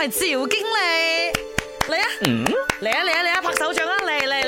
係趙經理，嚟啊，嗯，嚟啊嚟啊嚟啊，拍手掌啊，嚟嚟。